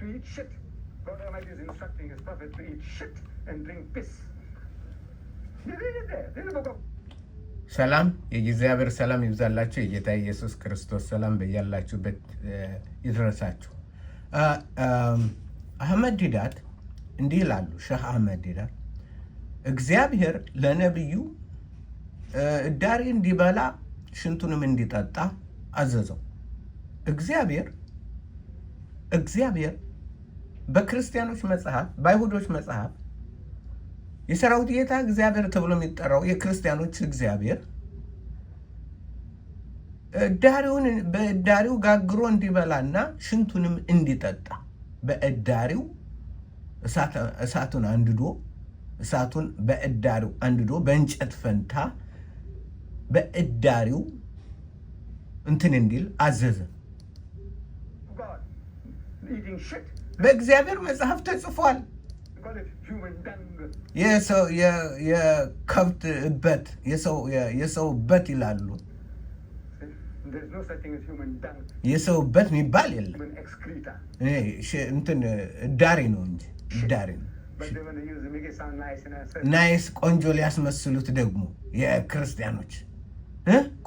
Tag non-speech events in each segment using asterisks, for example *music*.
to eat shit. God Almighty is instructing his prophet to eat shit and drink piss. You read it there. Read the book of ሰላም የእግዚአብሔር ሰላም ይብዛላችሁ። የጌታ ኢየሱስ ክርስቶስ ሰላም በያላችሁበት ይድረሳችሁ። አህመድ ዲዳት እንዲህ ይላሉ። ሸህ አህመድ ዲዳት እግዚአብሔር ለነቢዩ እዳሪ እንዲበላ ሽንቱንም እንዲጠጣ አዘዘው። እግዚአብሔር እግዚአብሔር በክርስቲያኖች መጽሐፍ፣ በአይሁዶች መጽሐፍ የሰራዊት ጌታ እግዚአብሔር ተብሎ የሚጠራው የክርስቲያኖች እግዚአብሔር እዳሪውን በእዳሪው ጋግሮ እንዲበላና ሽንቱንም እንዲጠጣ በእዳሪው እሳቱን አንድዶ እሳቱን በእዳሪው አንድዶ በእንጨት ፈንታ በእዳሪው እንትን እንዲል አዘዘ። በእግዚአብሔር መጽሐፍ ተጽፏል። የከብት እበት የሰው እበት ይላሉ። የሰው እበት የሚባል የለም። እንትን እዳሪ ነው እንጂ እዳሪ ነው። ናይስ ቆንጆ ሊያስመስሉት ደግሞ የክርስቲያኖች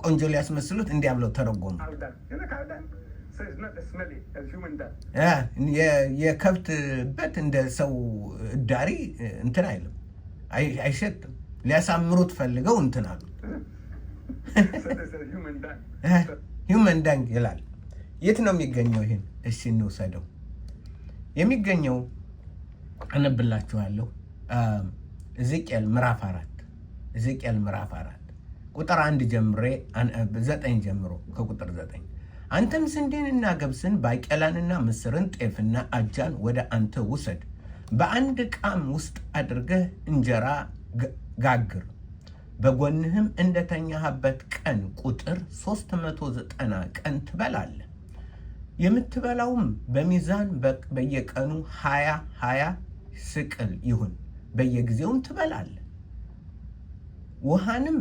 ቆንጆ ሊያስመስሉት እንዲያ ብለው ተረጎሙ። የከብት በት እንደ ሰው እዳሪ እንትን አይልም፣ አይሸጥም። ሊያሳምሩት ፈልገው እንትን አሉ። ሂውመን ዳንግ *laughs* ይላል። የት ነው የሚገኘው? ይህን እሺ እንውሰደው። የሚገኘው አነብላችኋለሁ። ሕዝቅኤል ምዕራፍ አራት ሕዝቅኤል ምዕራፍ አራት ቁጥር አንድ ጀምሬ ዘጠኝ ጀምሮ ከቁጥር ዘጠኝ አንተም ስንዴንና ገብስን ባቄላንና ምስርን ጤፍና አጃን ወደ አንተ ውሰድ፣ በአንድ ዕቃም ውስጥ አድርገህ እንጀራ ጋግር። በጎንህም እንደተኛህበት ቀን ቁጥር 390 ቀን ትበላለህ። የምትበላውም በሚዛን በየቀኑ 20 20 ስቅል ይሁን። በየጊዜውም ትበላለህ። ውሃንም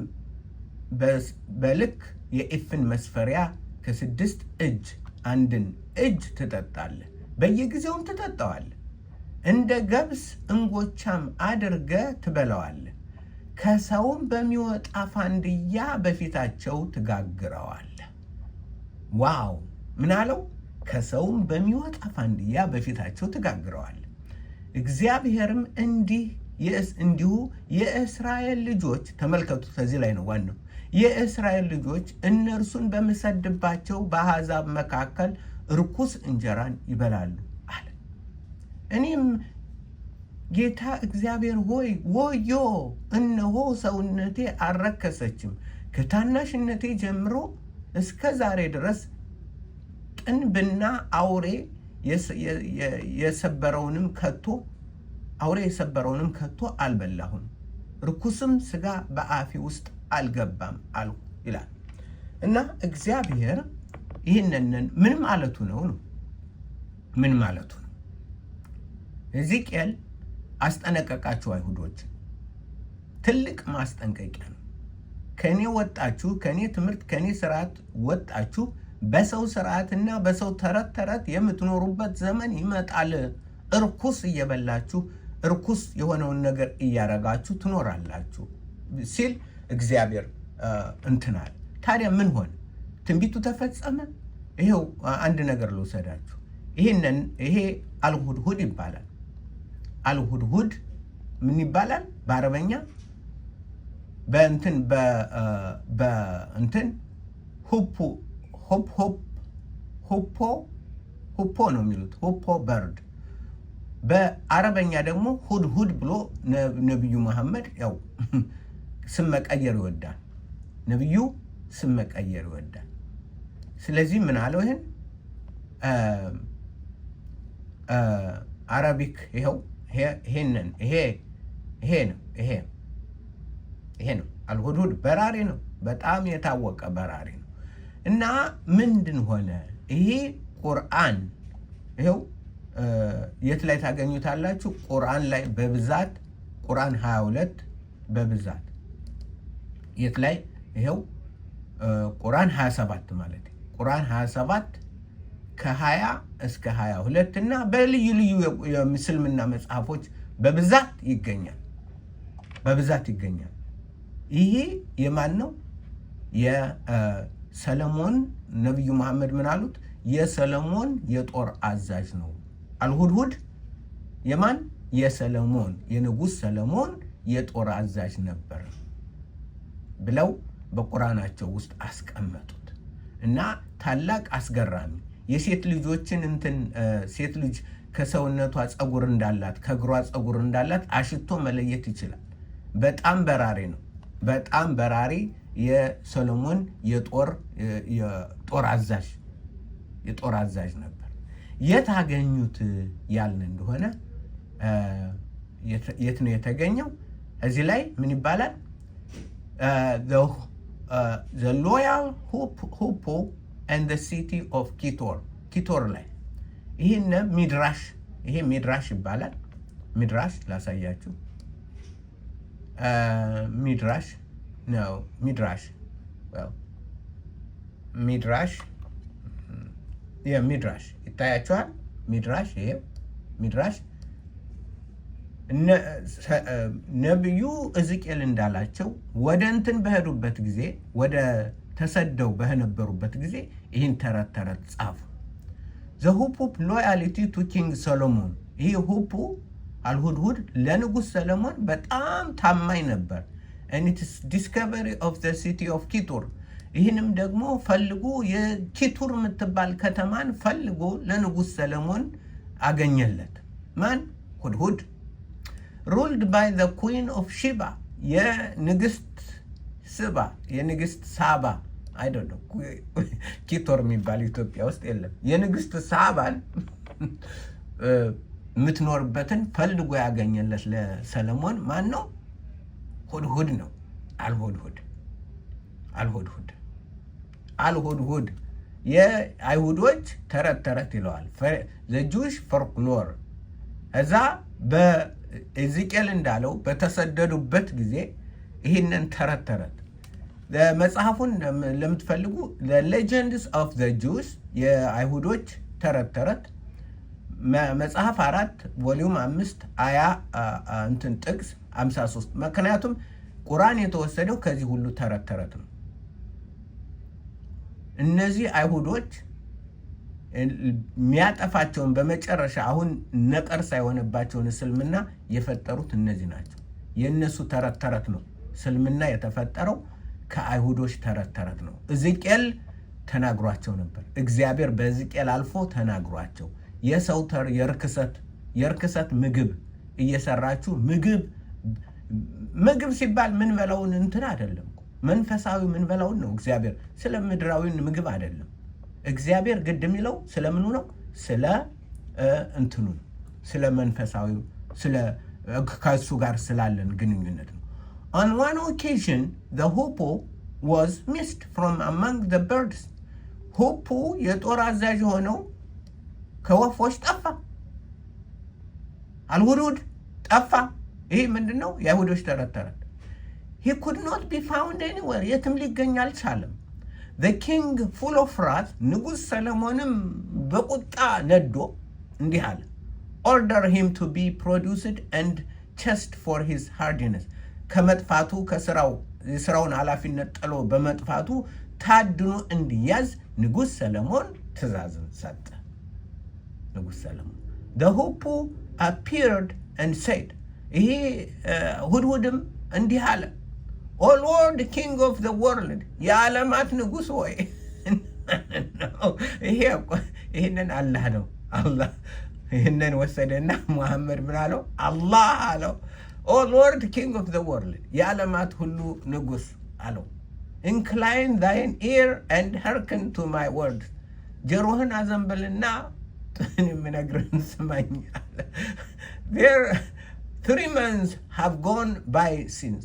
በልክ የኢፍን መስፈሪያ ከስድስት እጅ አንድን እጅ ትጠጣለ፣ በየጊዜውም ትጠጣዋለህ። እንደ ገብስ እንጎቻም አድርገ ትበላዋለህ። ከሰውም በሚወጣ ፋንድያ በፊታቸው ትጋግረዋል። ዋው! ምን አለው? ከሰውም በሚወጣ ፋንድያ በፊታቸው ትጋግረዋለህ። እግዚአብሔርም እንዲህ እንዲሁ የእስራኤል ልጆች ተመልከቱ። ከዚህ ላይ ነው ዋናው የእስራኤል ልጆች እነርሱን በምሰድባቸው በአሕዛብ መካከል ርኩስ እንጀራን ይበላሉ አለ። እኔም ጌታ እግዚአብሔር ሆይ ወዮ፣ እነሆ ሰውነቴ አልረከሰችም፣ ከታናሽነቴ ጀምሮ እስከ ዛሬ ድረስ ጥንብና አውሬ የሰበረውንም ከቶ አውሬ የሰበረውንም ከቶ አልበላሁም፣ ርኩስም ስጋ በአፌ ውስጥ አልገባም አሉ ይላል እና እግዚአብሔር ይህንን ምን ማለቱ ነው ነው ምን ማለቱ ነው? ሕዝቅኤል አስጠነቀቃችሁ አይሁዶች፣ ትልቅ ማስጠንቀቂያ ነው። ከእኔ ወጣችሁ፣ ከእኔ ትምህርት፣ ከእኔ ስርዓት ወጣችሁ በሰው ስርዓትና በሰው ተረት ተረት የምትኖሩበት ዘመን ይመጣል። እርኩስ እየበላችሁ እርኩስ የሆነውን ነገር እያረጋችሁ ትኖራላችሁ ሲል እግዚአብሔር እንትናል። ታዲያ ምን ሆነ? ትንቢቱ ተፈጸመ። ይሄው አንድ ነገር ልውሰዳችሁ። ይሄንን ይሄ አልሁድሁድ ይባላል። አልሁድሁድ ምን ይባላል በአረበኛ? በእንትን በእንትን ሁፖ ሁፖ ሁፖ ነው የሚሉት ሁፖ በርድ በአረበኛ ደግሞ ሁድሁድ ብሎ ነቢዩ መሐመድ ያው ስም መቀየር ይወዳል። ነቢዩ ስም መቀየር ይወዳል። ስለዚህ ምን አለው? ይህን አረቢክ ይኸው ይሄንን ይሄ ይሄ ነው ይሄ ይሄ ነው አልሁድሁድ በራሪ ነው። በጣም የታወቀ በራሪ ነው። እና ምንድን ሆነ ይሄ ቁርአን ይኸው የት ላይ ታገኙታላችሁ? ቁርአን ላይ በብዛት ቁርአን 22 በብዛት የት ላይ ይኸው ቁርአን 27 ማለት ቁርአን 27 ከ20 እስከ 22 እና በልዩ ልዩ የምስልምና መጽሐፎች በብዛት ይገኛል። በብዛት ይገኛል። ይሄ የማን ነው? የሰለሞን ነቢዩ መሐመድ ምን አሉት? የሰለሞን የጦር አዛዥ ነው። አልሁድሁድ የማን የሰለሞን የንጉሥ ሰለሞን የጦር አዛዥ ነበር። ብለው በቁራናቸው ውስጥ አስቀመጡት እና ታላቅ አስገራሚ የሴት ልጆችን እንትን ሴት ልጅ ከሰውነቷ ፀጉር እንዳላት ከእግሯ ፀጉር እንዳላት አሽቶ መለየት ይችላል። በጣም በራሪ ነው። በጣም በራሪ የሰሎሞን የጦር አዛዥ የጦር አዛዥ ነበር። የት አገኙት ያልን እንደሆነ የት ነው የተገኘው? እዚህ ላይ ምን ይባላል? Uh, the, uh, the loyal Hoopo and the city of Kitor ኪቶር ላይ ይህን ሚድራሽ ይሄ ሚድራሽ ይባላል። ሚድራሽ ላሳያችሁ። uh, ሚድራሽ ነው። ሚድራሽ ሚድራሽ ሚድራሽ ይታያችኋል። ሚድራሽ ይሄ ሚድራሽ ነቢዩ እዝቅኤል እንዳላቸው ወደ እንትን በሄዱበት ጊዜ ወደ ተሰደው በነበሩበት ጊዜ ይህን ተረት ተረት ጻፉ። ዘሁፑፕ ሎያሊቲ ቱ ኪንግ ሰሎሞን። ይህ ሁፑ አልሁድሁድ ለንጉሥ ሰለሞን በጣም ታማኝ ነበር። ኒትስ ዲስከቨሪ ኦፍ ዘ ሲቲ ኦፍ ኪቱር። ይህንም ደግሞ ፈልጉ የኪቱር የምትባል ከተማን ፈልጎ ለንጉሥ ሰለሞን አገኘለት። ማን ሁድሁድ ሩልድ ባይ ዘ ኩዊን ኦፍ ሺባ የንግስት ስባ የንግስት ሳባ አይደለም ኪቶር የሚባል ኢትዮጵያ ውስጥ የለም። የንግስት ሳባን *laughs* uh, የምትኖርበትን ፈልጎ ያገኘለት ለሰለሞን ማን ነው? ሁድሁድ ነው። አልሆድሁድ አልሆድሁድ አልሆድሁድ የአይሁዶች ተረት ተረት ይለዋል ዘጁሽ ፎልክሎር እዛ ኤዚቅኤል እንዳለው በተሰደዱበት ጊዜ ይህንን ተረት ተረት መጽሐፉን ለምትፈልጉ ሌጀንድስ ኦፍ ዘ ጁስ የአይሁዶች ተረት ተረት መጽሐፍ አራት ቮሊዩም አምስት አያ እንትን ጥቅስ 53 ምክንያቱም ቁርአን የተወሰደው ከዚህ ሁሉ ተረት ተረት ነው። እነዚህ አይሁዶች የሚያጠፋቸውን በመጨረሻ አሁን ነቀርሳ የሆነባቸውን እስልምና የፈጠሩት እነዚህ ናቸው። የእነሱ ተረት ተረት ነው። ስልምና የተፈጠረው ከአይሁዶች ተረት ተረት ነው። እዝቅኤል ተናግሯቸው ነበር። እግዚአብሔር በእዝቅኤል አልፎ ተናግሯቸው የሰው ተር የርክሰት የርክሰት ምግብ እየሰራችሁ ምግብ ምግብ ሲባል ምን በላውን እንትን አይደለም መንፈሳዊ ምን በላውን ነው እግዚአብሔር ስለ ምድራዊን ምግብ አይደለም። እግዚአብሔር ግድ የሚለው ስለምኑ ነው? ስለ እንትኑ ስለ መንፈሳዊ ስለ ከእሱ ጋር ስላለን ግንኙነት ነው። on one occasion the hoopoe was missed from among the birds hoopoe የጦር አዛዥ ሆነው ከወፎች ጠፋ። አልውዱድ ጠፋ። ይህ ምንድን ነው? የአይሁዶች ተረት ሂ ኩድ ኖት ቢ ፋውንድ ኤኒዌር የትም ሊገኝ አልቻለም። ዘ ኪንግ ፉል ኦፍ ራት ንጉሥ ሰለሞንም በቁጣ ነዶ እንዲህ አለ order him to be produced and just for his hardiness ከመጥፋቱ ከስራው የስራውን ኃላፊነት ጥሎ በመጥፋቱ ታድኖ እንዲያዝ ንጉሥ ሰለሞን ትእዛዝን ሰጠ። ንጉሥ ሰለሞን the hoop appeared and said ይሄ ሁድሁድም እንዲህ አለ ኦ ሎርድ ኪንግ ኦፍ ዘ ወርልድ የዓለማት ንጉሥ ወይ ይሄንን አላህ ነው አላህ ይህንን ወሰደና ሙሐመድ ምን አለው? አላህ አለው። ኦ ሎርድ ኪንግ ኦፍ ዘ ወርልድ የዓለማት ሁሉ ንጉሥ አለው። ኢንክላይን ዛይን ኢር ኤንድ ሄርክን ቱ ማይ ወርድ ጀሮህን አዘንብልና እኔ የምነግርህን ስማኝ አለ። ዜር ትሪ መንስ ሃቭ ጎን ባይ ሲንስ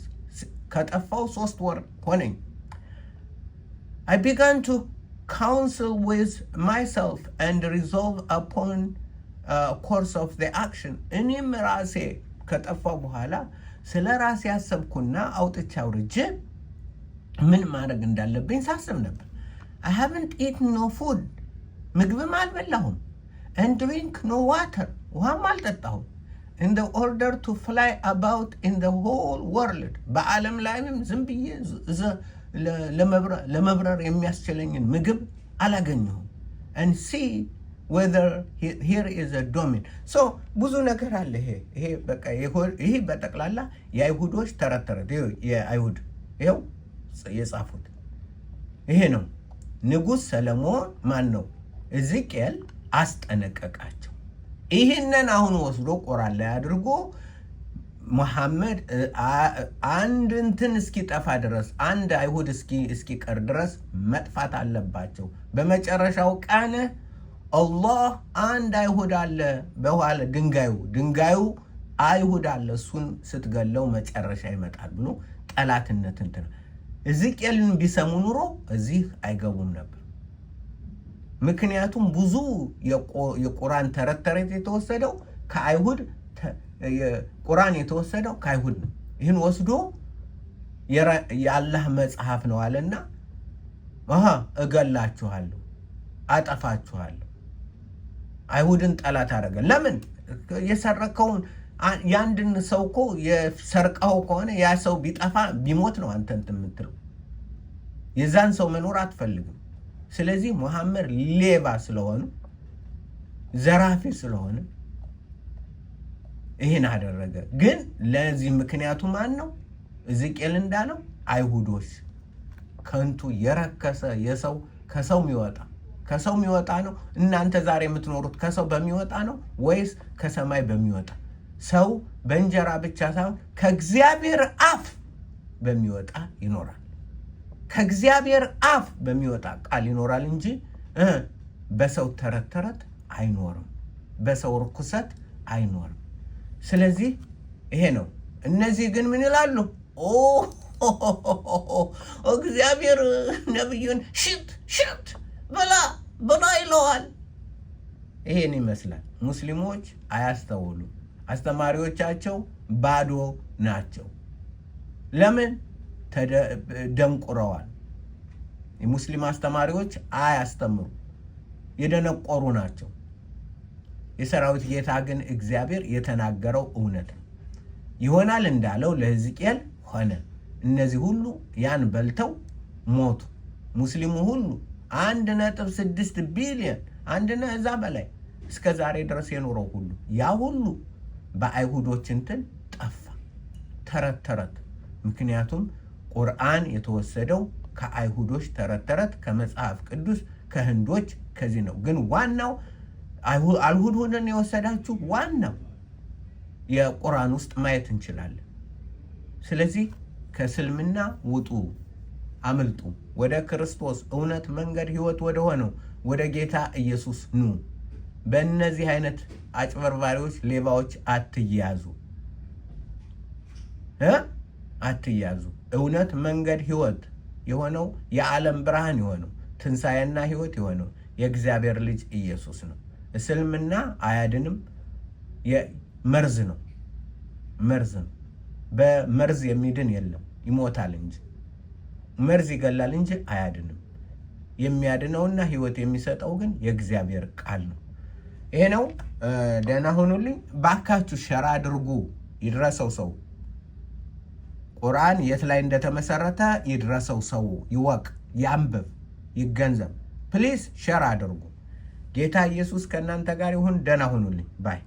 ከጠፋው ሶስት ወር ሆነኝ። አይ ቢጋን ቱ ካውንስል ዊዝ ማይሰልፍ ኤንድ ሪዞልቭ አፖን ኮርስ ኦፍ ዘ አክሽን እኔም ራሴ ከጠፋው በኋላ ስለ ራሴ ያሰብኩና አውጥቼ አውርጄ ምን ማድረግ እንዳለብኝ ሳስብ ነበር። አይ ሃቭንት ኢት ኖ ፉድ ምግብም አልበላሁም። ኤንድ ድሪንክ ኖ ዋተር ውሃም አልጠጣሁም። ኢን ደ ኦርደር ቱ ፍላይ አባውት ኢን ደ ሆል ወርልድ በዓለም ላይም ዝም ብዬ ለመብረር የሚያስችለኝን ምግብ አላገኘሁም። ኤንድ ሲ ወዘር ሂር ኢዝ ዶሚን ሶ ብዙ ነገር አለ። ይሄ በቃ ይሄ በጠቅላላ የአይሁዶች ተረት ተረት የአይሁድ ይኸው የጻፉት ይሄ ነው። ንጉሥ ሰለሞን ማን ነው ሕዝቅኤል አስጠነቀቃቸው። ይህንን አሁን ወስዶ ቆራ ላይ አድርጎ መሐመድ አንድ እንትን እስኪጠፋ ድረስ አንድ አይሁድ እስኪቀር ድረስ መጥፋት አለባቸው በመጨረሻው ቀን አላህ አንድ አይሁድ አለ። በኋላ ድንጋዩ ድንጋዩ አይሁድ አለ እሱን ስትገለው መጨረሻ ይመጣል ብሎ ጠላትነት እንትን ሕዝቅኤልን ቢሰሙ ኑሮ እዚህ አይገቡም ነበር። ምክንያቱም ብዙ የቁራን ተረት ተረት የተወሰደው ከአይሁድ ቁራን የተወሰደው ከአይሁድ ነው። ይህን ወስዶ የአላህ መጽሐፍ ነው አለና እገላችኋለሁ፣ አጠፋችኋለሁ አይሁድን ጠላት አደረገ። ለምን? የሰረከውን የአንድን ሰው እኮ የሰርቀው ከሆነ ያ ሰው ቢጠፋ ቢሞት ነው አንተ እንትን የምትለው የዛን ሰው መኖር አትፈልግም። ስለዚህ መሐመድ ሌባ ስለሆኑ ዘራፊ ስለሆነ ይህን አደረገ። ግን ለዚህ ምክንያቱ ማን ነው? እዝቅኤል እንዳለው አይሁዶች፣ ከንቱ የረከሰ የሰው ከሰው ሚወጣ ከሰው የሚወጣ ነው? እናንተ ዛሬ የምትኖሩት ከሰው በሚወጣ ነው ወይስ ከሰማይ በሚወጣ? ሰው በእንጀራ ብቻ ሳይሆን ከእግዚአብሔር አፍ በሚወጣ ይኖራል። ከእግዚአብሔር አፍ በሚወጣ ቃል ይኖራል እንጂ በሰው ተረት ተረት አይኖርም፣ በሰው ርኩሰት አይኖርም። ስለዚህ ይሄ ነው። እነዚህ ግን ምን ይላሉ? እግዚአብሔር ነቢዩን ሽት ሽት ብላ ብላ ይለዋል። ይሄን ይመስላል። ሙስሊሞች አያስተውሉ፣ አስተማሪዎቻቸው ባዶ ናቸው። ለምን ደንቁረዋል? የሙስሊም አስተማሪዎች አያስተምሩ፣ የደነቆሩ ናቸው። የሰራዊት ጌታ ግን እግዚአብሔር የተናገረው እውነት ይሆናል እንዳለው ለሕዝቅኤል ሆነ። እነዚህ ሁሉ ያን በልተው ሞቱ። ሙስሊሙ ሁሉ አንድ ነጥብ ስድስት ቢሊዮን አንድ ነ እዛ በላይ እስከ ዛሬ ድረስ የኖረው ሁሉ ያ ሁሉ በአይሁዶች እንትን ጠፋ። ተረት ተረት ምክንያቱም ቁርአን የተወሰደው ከአይሁዶች ተረት ተረት ከመጽሐፍ ቅዱስ ከህንዶች ከዚህ ነው። ግን ዋናው አልሁድሁድን የወሰዳችሁ ዋናው የቁርአን ውስጥ ማየት እንችላለን። ስለዚህ ከእስልምና ውጡ። አምልጡ፣ ወደ ክርስቶስ እውነት፣ መንገድ፣ ህይወት ወደ ሆነው ወደ ጌታ ኢየሱስ ኑ። በእነዚህ አይነት አጭበርባሪዎች፣ ሌባዎች አትያዙ እ አትያዙ። እውነት፣ መንገድ፣ ህይወት የሆነው የዓለም ብርሃን የሆነው ትንሣኤና ህይወት የሆነው የእግዚአብሔር ልጅ ኢየሱስ ነው። እስልምና አያድንም፣ መርዝ ነው፣ መርዝ ነው። በመርዝ የሚድን የለም፣ ይሞታል እንጂ መርዝ ይገላል እንጂ አያድንም። የሚያድነውና ህይወት የሚሰጠው ግን የእግዚአብሔር ቃል ነው። ይሄ ነው። ደህና ሆኑልኝ ባካችሁ ሸራ አድርጉ። ይድረሰው ሰው ቁርአን የት ላይ እንደተመሰረተ ይድረሰው ሰው ይወቅ፣ ያንብብ፣ ይገንዘብ። ፕሊዝ ሸራ አድርጉ። ጌታ ኢየሱስ ከእናንተ ጋር ይሁን። ደህና ሆኑልኝ ባይ